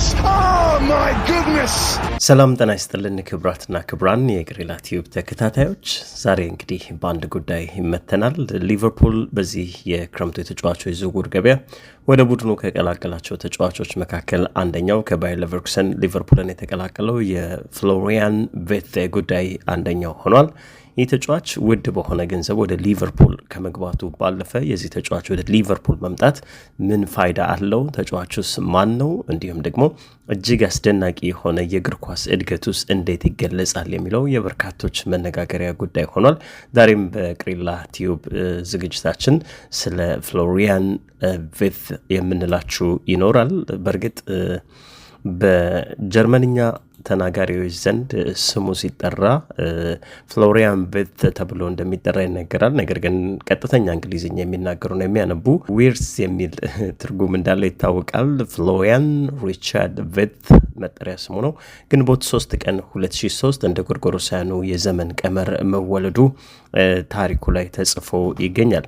Oh, ሰላም ጤና ይስጥልን ክብራትና ክብራን የግሪላ ቲዩብ ተከታታዮች፣ ዛሬ እንግዲህ በአንድ ጉዳይ ይመተናል። ሊቨርፑል በዚህ የክረምቱ የተጫዋቾች ዝውውር ገበያ ወደ ቡድኑ ከቀላቀላቸው ተጫዋቾች መካከል አንደኛው ከባየር ሌቨርኩሰን ሊቨርፑልን የተቀላቀለው የፍሎሪያን ቬት ጉዳይ አንደኛው ሆኗል። ይህ ተጫዋች ውድ በሆነ ገንዘብ ወደ ሊቨርፑል ከመግባቱ ባለፈ የዚህ ተጫዋች ወደ ሊቨርፑል መምጣት ምን ፋይዳ አለው? ተጫዋቹስ ማን ነው? እንዲሁም ደግሞ እጅግ አስደናቂ የሆነ የእግር ኳስ እድገት ውስጥ እንዴት ይገለጻል የሚለው የበርካቶች መነጋገሪያ ጉዳይ ሆኗል። ዛሬም በቅሪላ ቲዩብ ዝግጅታችን ስለ ፍሎሪያን ቪርትዝ የምንላችሁ ይኖራል። በእርግጥ በጀርመንኛ ተናጋሪዎች ዘንድ ስሙ ሲጠራ ፍሎሪያን ቬት ተብሎ እንደሚጠራ ይነገራል። ነገር ግን ቀጥተኛ እንግሊዝኛ የሚናገሩ ነው የሚያነቡ ዊርስ የሚል ትርጉም እንዳለ ይታወቃል። ፍሎሪያን ሪቻርድ ቬት መጠሪያ ስሙ ነው። ግንቦት 3 ቀን 2003 እንደ ጎርጎሮሳያኑ የዘመን ቀመር መወለዱ ታሪኩ ላይ ተጽፎ ይገኛል።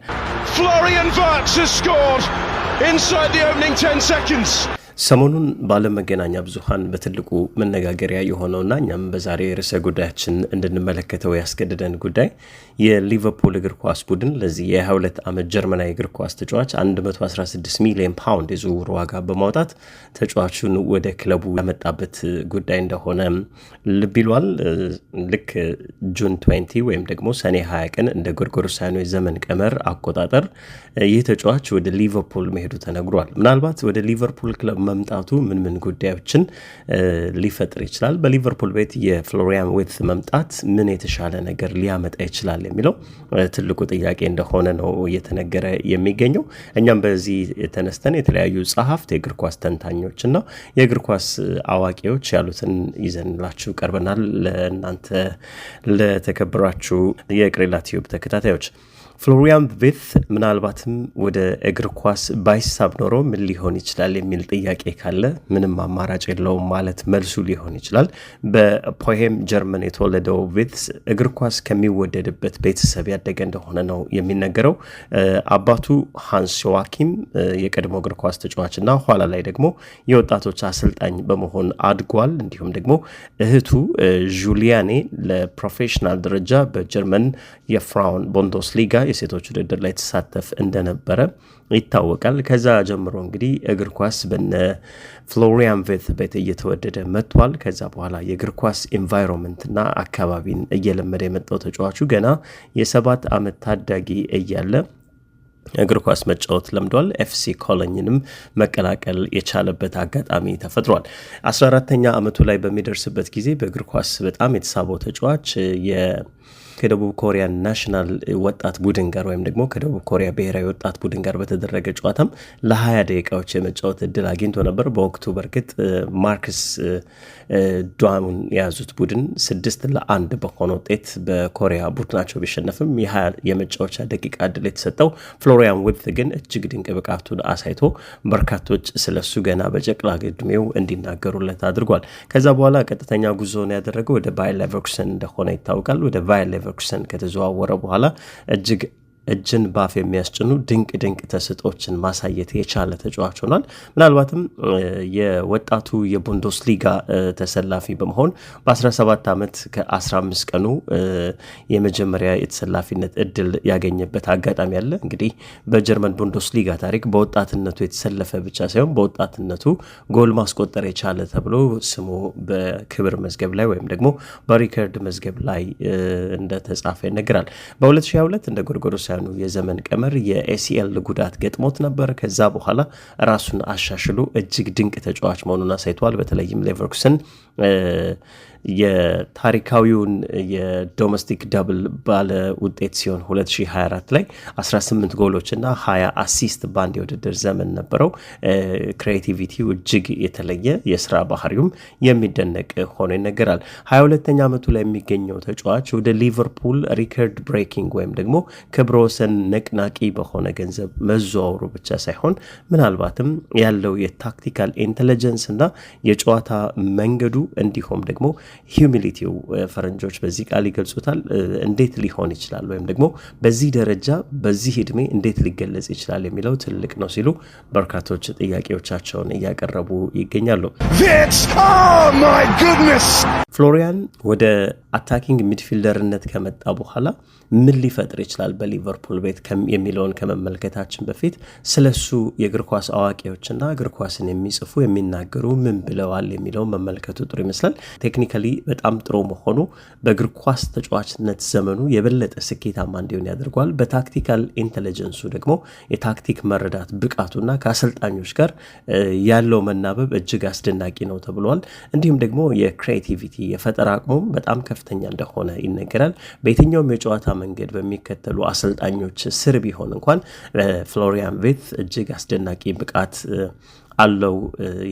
ሰሞኑን በዓለም መገናኛ ብዙኃን በትልቁ መነጋገሪያ የሆነውና እኛም በዛሬ ርዕሰ ጉዳያችን እንድንመለከተው ያስገደደን ጉዳይ የሊቨርፑል እግር ኳስ ቡድን ለዚህ የ22 ዓመት ጀርመናዊ እግር ኳስ ተጫዋች 116 ሚሊዮን ፓውንድ የዝውውር ዋጋ በማውጣት ተጫዋቹን ወደ ክለቡ ያመጣበት ጉዳይ እንደሆነ ልብ ይሏል። ልክ ጁን 20 ወይም ደግሞ ሰኔ 20 ቀን እንደ ጎርጎሮሳውያኑ የዘመን ቀመር አቆጣጠር ይህ ተጫዋች ወደ ሊቨርፑል መሄዱ ተነግሯል። ምናልባት ወደ ሊቨርፑል ክለብ መምጣቱ ምን ምን ጉዳዮችን ሊፈጥር ይችላል? በሊቨርፑል ቤት የፍሎሪያን ዊርትዝ መምጣት ምን የተሻለ ነገር ሊያመጣ ይችላል የሚለው ትልቁ ጥያቄ እንደሆነ ነው እየተነገረ የሚገኘው። እኛም በዚህ ተነስተን የተለያዩ ጸሐፍት፣ የእግር ኳስ ተንታኞች እና የእግር ኳስ አዋቂዎች ያሉትን ይዘንላችሁ ቀርበናል። ለእናንተ ለተከብራችሁ የቅሬላ ቲዩብ ተከታታዮች ፍሎሪያን ቪርትዝ ምናልባትም ወደ እግር ኳስ ባይሳብ ኖሮ ምን ሊሆን ይችላል የሚል ጥያቄ ካለ ምንም አማራጭ የለውም ማለት መልሱ ሊሆን ይችላል። በፖሄም ጀርመን የተወለደው ቪርትዝ እግር ኳስ ከሚወደድበት ቤተሰብ ያደገ እንደሆነ ነው የሚነገረው። አባቱ ሃንስ ዋኪም የቀድሞ እግር ኳስ ተጫዋች እና ኋላ ላይ ደግሞ የወጣቶች አሰልጣኝ በመሆን አድጓል። እንዲሁም ደግሞ እህቱ ዡሊያኔ ለፕሮፌሽናል ደረጃ በጀርመን የፍራውን ሊጋ የሴቶች ውድድር ላይ ተሳተፍ እንደነበረ ይታወቃል። ከዛ ጀምሮ እንግዲህ እግር ኳስ በነ ፍሎሪያን ቬት ቤት እየተወደደ መጥቷል። ከዛ በኋላ የእግር ኳስ ኢንቫይሮንመንትና አካባቢን እየለመደ የመጣው ተጫዋቹ ገና የሰባት ዓመት ታዳጊ እያለ እግር ኳስ መጫወት ለምዷል። ኤፍሲ ኮሎኝንም መቀላቀል የቻለበት አጋጣሚ ተፈጥሯል። 14ተኛ ዓመቱ ላይ በሚደርስበት ጊዜ በእግር ኳስ በጣም የተሳበው ተጫዋች ከደቡብ ኮሪያ ናሽናል ወጣት ቡድን ጋር ወይም ደግሞ ከደቡብ ኮሪያ ብሔራዊ ወጣት ቡድን ጋር በተደረገ ጨዋታም ለሀያ ደቂቃዎች የመጫወት እድል አግኝቶ ነበር። በወቅቱ በእርግጥ ማርክስ ዷኑን የያዙት ቡድን ስድስት ለአንድ በሆነ ውጤት በኮሪያ ቡድናቸው ቢሸነፍም የሀያ የመጫወቻ ደቂቃ እድል የተሰጠው ፍሎሪያን ዊርትዝ ግን እጅግ ድንቅ ብቃቱን አሳይቶ በርካቶች ስለሱ ገና በጨቅላ ዕድሜው እንዲናገሩለት አድርጓል። ከዛ በኋላ ቀጥተኛ ጉዞ ያደረገው ወደ ባይ ሌቨርኩሰን እንደሆነ ይታወቃል። ወደ ባየር ሌቨርኩሰን ከተዘዋወረ በኋላ እጅግ እጅን ባፍ የሚያስጭኑ ድንቅ ድንቅ ተስጦችን ማሳየት የቻለ ተጫዋች ሆኗል። ምናልባትም የወጣቱ የቡንዶስ ሊጋ ተሰላፊ በመሆን በ17 ዓመት ከ15 ቀኑ የመጀመሪያ የተሰላፊነት እድል ያገኘበት አጋጣሚ አለ። እንግዲህ በጀርመን ቡንዶስ ሊጋ ታሪክ በወጣትነቱ የተሰለፈ ብቻ ሳይሆን በወጣትነቱ ጎል ማስቆጠር የቻለ ተብሎ ስሙ በክብር መዝገብ ላይ ወይም ደግሞ በሪከርድ መዝገብ ላይ እንደተጻፈ ይነግራል። በ2022 እንደ ጎርጎሮስ በጎርጎሮሳውያኑ የዘመን ቀመር የኤሲኤል ጉዳት ገጥሞት ነበር። ከዛ በኋላ ራሱን አሻሽሎ እጅግ ድንቅ ተጫዋች መሆኑን አሳይተዋል። በተለይም ሌቨርኩሰን የታሪካዊውን የዶሜስቲክ ደብል ባለ ውጤት ሲሆን 2024 ላይ 18 ጎሎች እና 20 አሲስት በአንድ የውድድር ዘመን ነበረው። ክሬቲቪቲው እጅግ የተለየ የስራ ባህሪውም የሚደነቅ ሆኖ ይነገራል። 22ኛ ዓመቱ ላይ የሚገኘው ተጫዋች ወደ ሊቨርፑል ሪከርድ ብሬኪንግ ወይም ደግሞ ክብረ ወሰን ነቅናቂ በሆነ ገንዘብ መዘዋወሩ ብቻ ሳይሆን ምናልባትም ያለው የታክቲካል ኢንቴሊጀንስ እና የጨዋታ መንገዱ እንዲሁም ደግሞ ሂዩሚሊቲው ፈረንጆች በዚህ ቃል ይገልጹታል። እንዴት ሊሆን ይችላል ወይም ደግሞ በዚህ ደረጃ በዚህ እድሜ እንዴት ሊገለጽ ይችላል የሚለው ትልቅ ነው ሲሉ በርካቶች ጥያቄዎቻቸውን እያቀረቡ ይገኛሉ። oh ፍሎሪያን ወደ አታኪንግ ሚድፊልደርነት ከመጣ በኋላ ምን ሊፈጥር ይችላል በሊቨርፑል ቤት የሚለውን ከመመልከታችን በፊት ስለሱ የእግር ኳስ አዋቂዎችና እግር ኳስን የሚጽፉ የሚናገሩ ምን ብለዋል የሚለውን መመልከቱ ጥሩ ይመስላል። ቴክኒካል ፊዚካሊ በጣም ጥሩ መሆኑ በእግር ኳስ ተጫዋችነት ዘመኑ የበለጠ ስኬታማ እንዲሆን ያደርጓል በታክቲካል ኢንቴሊጀንሱ ደግሞ የታክቲክ መረዳት ብቃቱና ከአሰልጣኞች ጋር ያለው መናበብ እጅግ አስደናቂ ነው ተብሏል። እንዲሁም ደግሞ የክሬቲቪቲ የፈጠራ አቅሙም በጣም ከፍተኛ እንደሆነ ይነገራል። በየትኛውም የጨዋታ መንገድ በሚከተሉ አሰልጣኞች ስር ቢሆን እንኳን ፍሎሪያን ቬት እጅግ አስደናቂ ብቃት አለው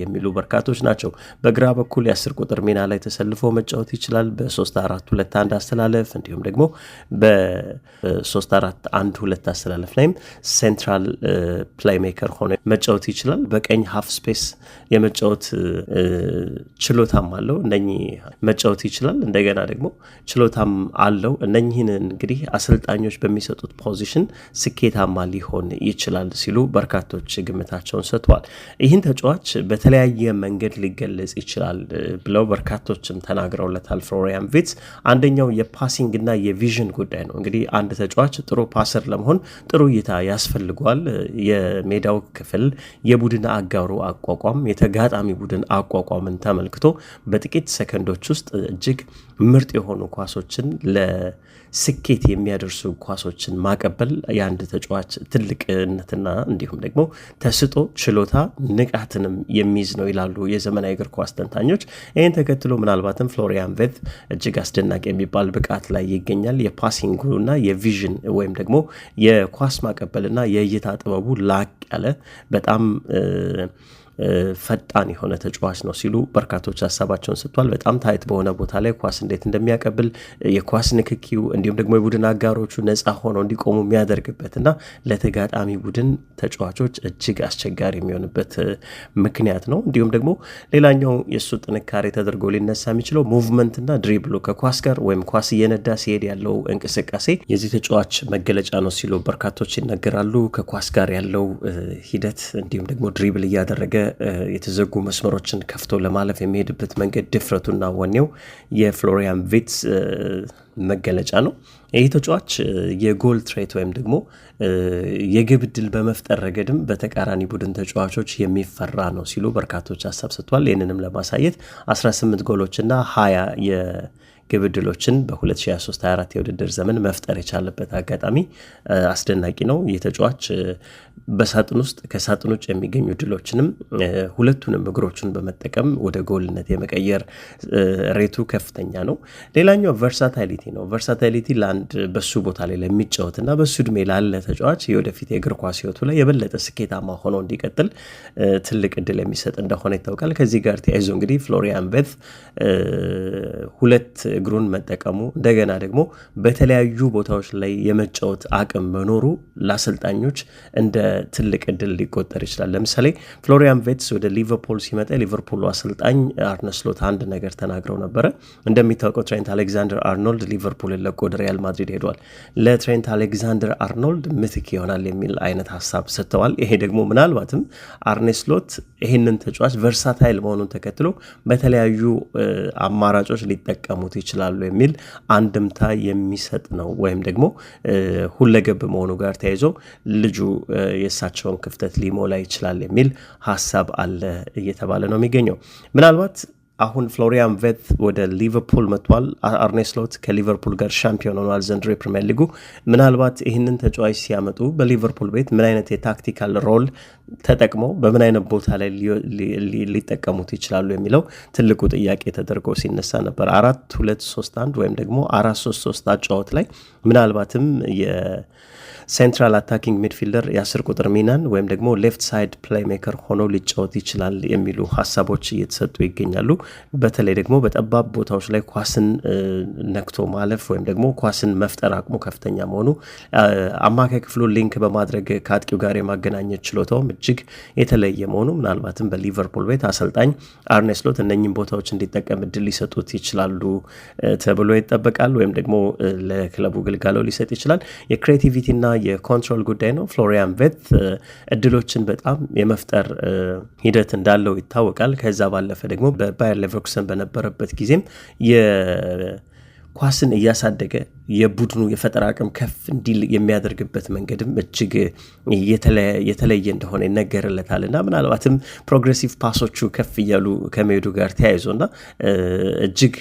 የሚሉ በርካቶች ናቸው። በግራ በኩል የአስር ቁጥር ሚና ላይ ተሰልፎ መጫወት ይችላል። በሶስት አራት ሁለት አንድ አስተላለፍ እንዲሁም ደግሞ በሶስት አራት አንድ ሁለት አስተላለፍ ላይም ሴንትራል ፕላይሜከር ሆኖ መጫወት ይችላል። በቀኝ ሀፍ ስፔስ የመጫወት ችሎታም አለው። እነኚህ መጫወት ይችላል። እንደገና ደግሞ ችሎታም አለው። እነኚህን እንግዲህ አሰልጣኞች በሚሰጡት ፖዚሽን ስኬታማ ሊሆን ይችላል ሲሉ በርካቶች ግምታቸውን ሰጥተዋል። ይህን ይህን ተጫዋች በተለያየ መንገድ ሊገለጽ ይችላል ብለው በርካቶችም ተናግረውለታል። ፍሎሪያን ቪትስ አንደኛው እና የቪዥን ጉዳይ ነው። እንግዲህ አንድ ተጫዋች ጥሩ ፓሰር ለመሆን ጥሩ እይታ ያስፈልገዋል። የሜዳው ክፍል፣ የቡድን አጋሩ አቋቋም፣ የተጋጣሚ ቡድን አቋቋምን ተመልክቶ በጥቂት ሰከንዶች ውስጥ እጅግ ምርጥ የሆኑ ኳሶችን ለስኬት የሚያደርሱ ኳሶችን ማቀበል የአንድ ተጫዋች ትልቅነትና እንዲሁም ደግሞ ተስጦ፣ ችሎታ፣ ንቃትንም የሚይዝ ነው ይላሉ የዘመናዊ እግር ኳስ ተንታኞች። ይህን ተከትሎ ምናልባትም ፍሎሪያን ቬት እጅግ አስደናቂ የሚባል ብቃት ላይ ይገኛል። የፓሲንጉና የቪዥን ወይም ደግሞ የኳስ ማቀበልና የእይታ ጥበቡ ላቅ ያለ በጣም ፈጣን የሆነ ተጫዋች ነው ሲሉ በርካቶች ሀሳባቸውን ሰጥቷል። በጣም ታይት በሆነ ቦታ ላይ ኳስ እንዴት እንደሚያቀብል የኳስ ንክኪው፣ እንዲሁም ደግሞ የቡድን አጋሮቹ ነፃ ሆነው እንዲቆሙ የሚያደርግበት እና ለተጋጣሚ ቡድን ተጫዋቾች እጅግ አስቸጋሪ የሚሆንበት ምክንያት ነው። እንዲሁም ደግሞ ሌላኛው የእሱ ጥንካሬ ተደርጎ ሊነሳ የሚችለው ሙቭመንትና ድሪብሎ ከኳስ ጋር ወይም ኳስ እየነዳ ሲሄድ ያለው እንቅስቃሴ የዚህ ተጫዋች መገለጫ ነው ሲሉ በርካቶች ይነገራሉ ከኳስ ጋር ያለው ሂደት እንዲሁም ደግሞ ድሪብል እያደረገ የተዘጉ መስመሮችን ከፍቶ ለማለፍ የሚሄድበት መንገድ ድፍረቱና ወኔው የፍሎሪያን ቪትስ መገለጫ ነው። ይህ ተጫዋች የጎል ትሬት ወይም ደግሞ የግብ ድል በመፍጠር ረገድም በተቃራኒ ቡድን ተጫዋቾች የሚፈራ ነው ሲሉ በርካቶች ሀሳብ ሰጥቷል። ይህንንም ለማሳየት 18 ና 20 ግብ ድሎችን በ2023/24 የውድድር ዘመን መፍጠር የቻለበት አጋጣሚ አስደናቂ ነው። የተጫዋች በሳጥን ውስጥ ከሳጥን ውጭ የሚገኙ ድሎችንም ሁለቱንም እግሮቹን በመጠቀም ወደ ጎልነት የመቀየር ሬቱ ከፍተኛ ነው። ሌላኛው ቨርሳታሊቲ ነው። ቨርሳታሊቲ ለአንድ በሱ ቦታ ላይ ለሚጫወት እና በሱ እድሜ ላለ ተጫዋች የወደፊት የእግር ኳስ ህይወቱ ላይ የበለጠ ስኬታማ ሆኖ እንዲቀጥል ትልቅ እድል የሚሰጥ እንደሆነ ይታወቃል። ከዚህ ጋር ተያይዞ እንግዲህ ፍሎሪያን ቤት ሁለት እግሩን መጠቀሙ እንደገና ደግሞ በተለያዩ ቦታዎች ላይ የመጫወት አቅም መኖሩ ለአሰልጣኞች እንደ ትልቅ እድል ሊቆጠር ይችላል። ለምሳሌ ፍሎሪያን ቬትስ ወደ ሊቨርፑል ሲመጣ ሊቨርፑሉ አሰልጣኝ አርነስሎት አንድ ነገር ተናግረው ነበረ። እንደሚታወቀው ትሬንት አሌክዛንደር አርኖልድ ሊቨርፑል ለቆ ወደ ሪያል ማድሪድ ሄዷል። ለትሬንት አሌክዛንደር አርኖልድ ምትክ ይሆናል የሚል አይነት ሀሳብ ሰጥተዋል። ይሄ ደግሞ ምናልባትም አርኔ ይህንን ተጫዋች ቨርሳታይል መሆኑን ተከትሎ በተለያዩ አማራጮች ሊጠቀሙት ይችላል ይችላሉ የሚል አንድምታ የሚሰጥ ነው። ወይም ደግሞ ሁለገብ መሆኑ ጋር ተያይዞ ልጁ የእሳቸውን ክፍተት ሊሞላ ይችላል የሚል ሀሳብ አለ እየተባለ ነው የሚገኘው ምናልባት አሁን ፍሎሪያን ቬት ወደ ሊቨርፑል መጥቷል። አርኔስሎት ከሊቨርፑል ጋር ሻምፒዮን ሆኗል ዘንድሮ የፕሪሚየር ሊጉ። ምናልባት ይህንን ተጫዋች ሲያመጡ በሊቨርፑል ቤት ምን አይነት የታክቲካል ሮል ተጠቅመው በምን አይነት ቦታ ላይ ሊጠቀሙት ይችላሉ የሚለው ትልቁ ጥያቄ ተደርጎ ሲነሳ ነበር። አራት ሁለት ሶስት አንድ ወይም ደግሞ አራት ሶስት ሶስት አጫወት ላይ ምናልባትም የሴንትራል አታኪንግ ሚድፊልደር የአስር ቁጥር ሚናን ወይም ደግሞ ሌፍት ሳይድ ሜከር ሆኖ ሊጫወት ይችላል የሚሉ ሀሳቦች እየተሰጡ ይገኛሉ። በተለይ ደግሞ በጠባብ ቦታዎች ላይ ኳስን ነክቶ ማለፍ ወይም ደግሞ ኳስን መፍጠር አቅሙ ከፍተኛ መሆኑ አማካይ ክፍሉ ሊንክ በማድረግ ከአጥቂው ጋር የማገናኘት ችሎታውም እጅግ የተለየ መሆኑ ምናልባትም በሊቨርፑል ቤት አሰልጣኝ አርኔስሎት እነኝም ቦታዎች እንዲጠቀም እድል ሊሰጡት ይችላሉ ተብሎ ይጠበቃል። ወይም ደግሞ ለክለቡ ግልጋሎ ሊሰጥ ይችላል። የክሬቲቪቲና የኮንትሮል ጉዳይ ነው። ፍሎሪያን ቬት እድሎችን በጣም የመፍጠር ሂደት እንዳለው ይታወቃል። ከዛ ባለፈ ደግሞ በባየር ሌቨርኩሰን በነበረበት ጊዜም ኳስን እያሳደገ የቡድኑ የፈጠራ አቅም ከፍ እንዲል የሚያደርግበት መንገድም እጅግ የተለየ እንደሆነ ይነገርለታል እና ምናልባትም ፕሮግሬሲቭ ፓሶቹ ከፍ እያሉ ከመሄዱ ጋር ተያይዞ እና እጅግ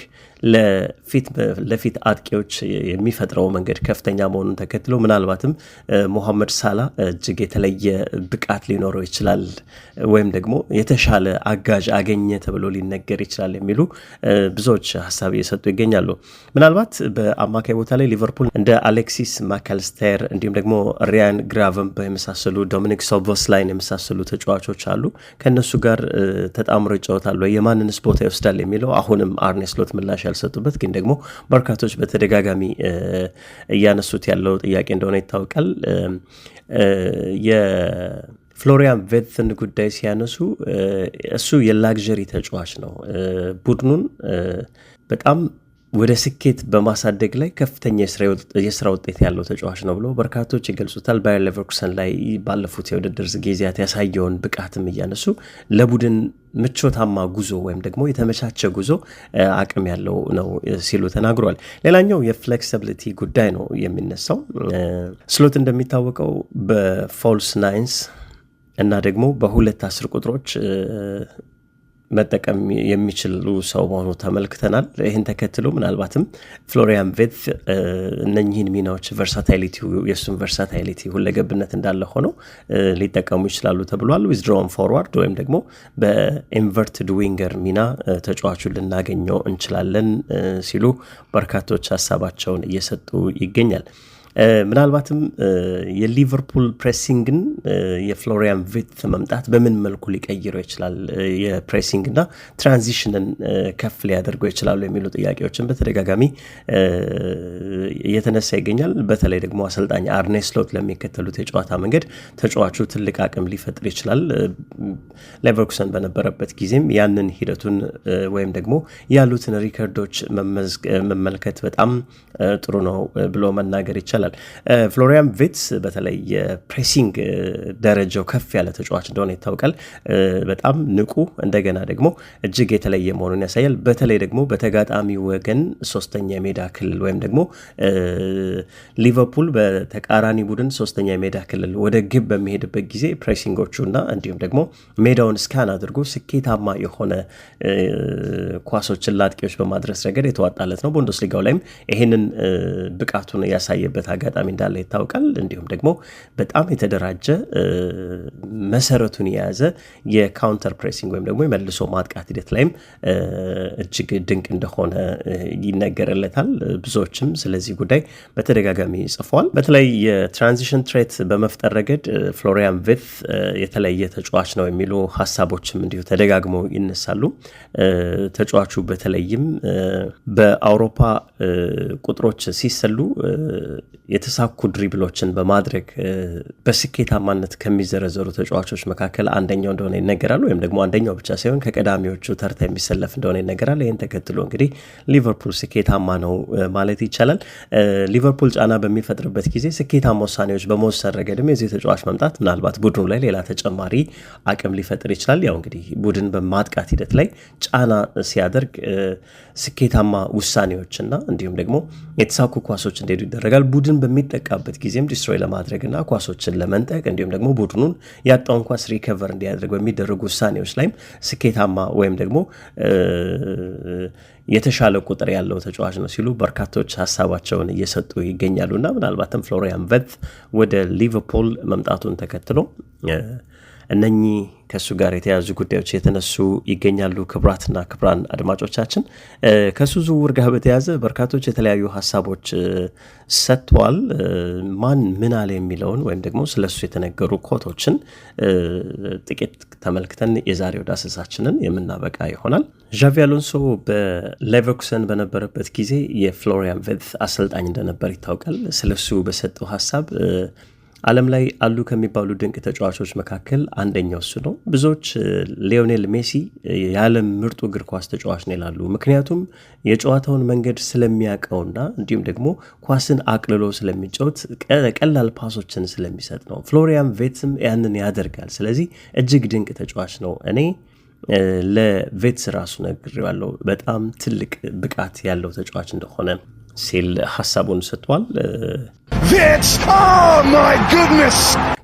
ለፊት ለፊት አጥቂዎች የሚፈጥረው መንገድ ከፍተኛ መሆኑን ተከትሎ ምናልባትም ሞሐመድ ሳላ እጅግ የተለየ ብቃት ሊኖረው ይችላል ወይም ደግሞ የተሻለ አጋዥ አገኘ ተብሎ ሊነገር ይችላል የሚሉ ብዙዎች ሀሳብ እየሰጡ ይገኛሉ። ምናልባት በአማካይ ቦታ ላይ ሊቨርፑል እንደ አሌክሲስ ማካልስተር እንዲሁም ደግሞ ሪያን ግራቨንበ የመሳሰሉ ዶሚኒክ ላይን የመሳሰሉ ተጫዋቾች አሉ። ከእነሱ ጋር ተጣምሮ ይጫወታሉ። የማንንስ ቦታ ይወስዳል የሚለው አሁንም አርኔስሎት ምላሽ ያልሰጡበት ግን ደግሞ በርካቶች በተደጋጋሚ እያነሱት ያለው ጥያቄ እንደሆነ ይታወቃል። ፍሎሪያን ቬትን ጉዳይ ሲያነሱ እሱ የላግዠሪ ተጫዋች ነው። ቡድኑን በጣም ወደ ስኬት በማሳደግ ላይ ከፍተኛ የስራ ውጤት ያለው ተጫዋች ነው ብሎ በርካቶች ይገልጹታል። ባየር ሌቨርኩሰን ላይ ባለፉት የውድድር ጊዜያት ያሳየውን ብቃትም እያነሱ ለቡድን ምቾታማ ጉዞ ወይም ደግሞ የተመቻቸ ጉዞ አቅም ያለው ነው ሲሉ ተናግሯል። ሌላኛው የፍሌክሲቢሊቲ ጉዳይ ነው የሚነሳው። ስሎት እንደሚታወቀው በፎልስ ናይንስ እና ደግሞ በሁለት አስር ቁጥሮች መጠቀም የሚችሉ ሰው መሆኑ ተመልክተናል። ይህን ተከትሎ ምናልባትም ፍሎሪያን ቬት እነኚህን ሚናዎች ቨርሳታሊቲ የእሱን ቨርሳታሊቲ ሁለገብነት እንዳለ ሆነው ሊጠቀሙ ይችላሉ ተብሏል። ዊዝድሮን ፎርዋርድ ወይም ደግሞ በኢንቨርትድ ዊንገር ሚና ተጫዋቹ ልናገኘው እንችላለን ሲሉ በርካቶች ሀሳባቸውን እየሰጡ ይገኛል። ምናልባትም የሊቨርፑል ፕሬሲንግን የፍሎሪያን ቪት መምጣት በምን መልኩ ሊቀይረው ይችላል? ና ትራንዚሽንን ከፍ ሊያደርገው ይችላሉ የሚሉ ጥያቄዎችን በተደጋጋሚ እየተነሳ ይገኛል። በተለይ ደግሞ አሰልጣኝ አርኔስሎት ለሚከተሉት የጨዋታ መንገድ ተጫዋቹ ትልቅ አቅም ሊፈጥር ይችላል። ሌቨርኩሰን በነበረበት ጊዜም ያንን ሂደቱን ወይም ደግሞ ያሉትን ሪከርዶች መመልከት በጣም ጥሩ ነው ብሎ መናገር ይቻላል። ይከተላል። ፍሎሪያን ቪትስ በተለይ የፕሬሲንግ ደረጃው ከፍ ያለ ተጫዋች እንደሆነ ይታወቃል። በጣም ንቁ እንደገና ደግሞ እጅግ የተለየ መሆኑን ያሳያል። በተለይ ደግሞ በተጋጣሚ ወገን ሶስተኛ የሜዳ ክልል ወይም ደግሞ ሊቨርፑል በተቃራኒ ቡድን ሶስተኛ የሜዳ ክልል ወደ ግብ በሚሄድበት ጊዜ ፕሬሲንጎቹና እንዲሁም ደግሞ ሜዳውን ስካን አድርጎ ስኬታማ የሆነ ኳሶችን ለአጥቂዎች በማድረስ ረገድ የተዋጣለት ነው። ቡንደስሊጋው ላይም ይህንን ብቃቱን ያሳየበት አጋጣሚ እንዳለ ይታወቃል። እንዲሁም ደግሞ በጣም የተደራጀ መሰረቱን የያዘ የካውንተር ፕሬሲንግ ወይም ደግሞ የመልሶ ማጥቃት ሂደት ላይም እጅግ ድንቅ እንደሆነ ይነገርለታል። ብዙዎችም ስለዚህ ጉዳይ በተደጋጋሚ ጽፏል። በተለይ የትራንዚሽን ትሬት በመፍጠር ረገድ ፍሎሪያን ቪት የተለየ ተጫዋች ነው የሚሉ ሀሳቦችም እንዲሁ ተደጋግመው ይነሳሉ። ተጫዋቹ በተለይም በአውሮፓ ቁጥሮች ሲሰሉ የተሳኩ ድሪብሎችን በማድረግ በስኬታማነት ከሚዘረዘሩ ተጫዋቾች መካከል አንደኛው እንደሆነ ይነገራል። ወይም ደግሞ አንደኛው ብቻ ሳይሆን ከቀዳሚዎቹ ተርታ የሚሰለፍ እንደሆነ ይነገራል። ይህን ተከትሎ እንግዲህ ሊቨርፑል ስኬታማ ነው ማለት ይቻላል። ሊቨርፑል ጫና በሚፈጥርበት ጊዜ ስኬታማ ውሳኔዎች በመወሰን ረገድም የዚህ ተጫዋች መምጣት ምናልባት ቡድኑ ላይ ሌላ ተጨማሪ አቅም ሊፈጥር ይችላል። ያው እንግዲህ ቡድን በማጥቃት ሂደት ላይ ጫና ሲያደርግ ስኬታማ ውሳኔዎችና እንዲሁም ደግሞ የተሳኩ ኳሶች እንደሄዱ ይደረጋል ቡድን በሚጠቃበት ጊዜም ዲስትሮይ ለማድረግና ኳሶችን ለመንጠቅ እንዲሁም ደግሞ ቡድኑን ያጣውን ኳስ ሪከቨር እንዲያደርግ በሚደረጉ ውሳኔዎች ላይም ስኬታማ ወይም ደግሞ የተሻለ ቁጥር ያለው ተጫዋች ነው ሲሉ በርካቶች ሀሳባቸውን እየሰጡ እና ምናልባትም ፍሎሪያን ቨት ወደ ሊቨርፑል መምጣቱን ተከትሎ እነኚህ ከእሱ ጋር የተያዙ ጉዳዮች የተነሱ ይገኛሉ። ክብራትና ክብራን አድማጮቻችን ከእሱ ዝውውር ጋር በተያዘ በርካቶች የተለያዩ ሀሳቦች ሰጥተዋል። ማን ምን አለ የሚለውን ወይም ደግሞ እሱ የተነገሩ ኮቶችን ጥቂት ተመልክተን የዛሬው ዳሰሳችንን የምናበቃ ይሆናል። ዣቪ አሎንሶ በሌቨርኩሰን በነበረበት ጊዜ የፍሎሪያን ቨትዝ አሰልጣኝ እንደነበር ይታወቃል። እሱ በሰጠው ሀሳብ ዓለም ላይ አሉ ከሚባሉ ድንቅ ተጫዋቾች መካከል አንደኛው እሱ ነው። ብዙዎች ሊዮኔል ሜሲ የዓለም ምርጡ እግር ኳስ ተጫዋች ነው ይላሉ። ምክንያቱም የጨዋታውን መንገድ ስለሚያቀውና እንዲሁም ደግሞ ኳስን አቅልሎ ስለሚጫወት ቀላል ፓሶችን ስለሚሰጥ ነው። ፍሎሪያን ቬትም ያንን ያደርጋል። ስለዚህ እጅግ ድንቅ ተጫዋች ነው። እኔ ለቬትስ ራሱ ያለው በጣም ትልቅ ብቃት ያለው ተጫዋች እንደሆነ ሲል ሀሳቡን ሰጥቷል። ቬትስ ማይ ጉድነስ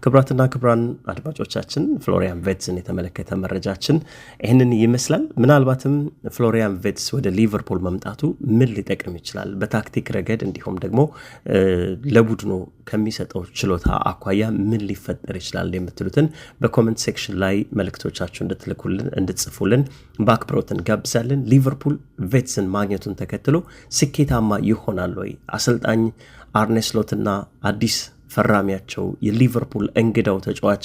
ክብራትና ክብራን አድማጮቻችን ፍሎሪያን ቬትስን የተመለከተ መረጃችን ይህንን ይመስላል። ምናልባትም ፍሎሪያን ቬትስ ወደ ሊቨርፑል መምጣቱ ምን ሊጠቅም ይችላል፣ በታክቲክ ረገድ እንዲሁም ደግሞ ለቡድኑ ከሚሰጠው ችሎታ አኳያ ምን ሊፈጠር ይችላል የምትሉትን በኮመንት ሴክሽን ላይ መልክቶቻችሁ እንድትልኩልን እንድትጽፉልን በአክብሮት እንጋብዛለን። ሊቨርፑል ቬትስን ማግኘቱን ተከትሎ ስኬታማ ይሆናል ወይ አሰልጣኝ አርኔስሎትና አዲስ ፈራሚያቸው የሊቨርፑል እንግዳው ተጫዋች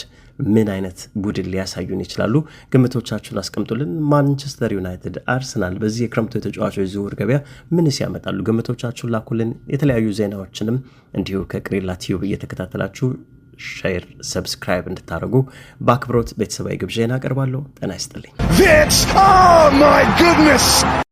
ምን አይነት ቡድን ሊያሳዩን ይችላሉ? ግምቶቻችሁን አስቀምጡልን። ማንቸስተር ዩናይትድ፣ አርሰናል በዚህ የክረምቱ የተጫዋቾች ዝውውር ገበያ ምንስ ያመጣሉ? ግምቶቻችሁን ላኩልን። የተለያዩ ዜናዎችንም እንዲሁ ከቅሪላ ቲዩብ እየተከታተላችሁ ሼር፣ ሰብስክራይብ እንድታደርጉ በአክብሮት ቤተሰባዊ ግብዣ እናቀርባለሁ። ጤና ይስጥልኝ። oh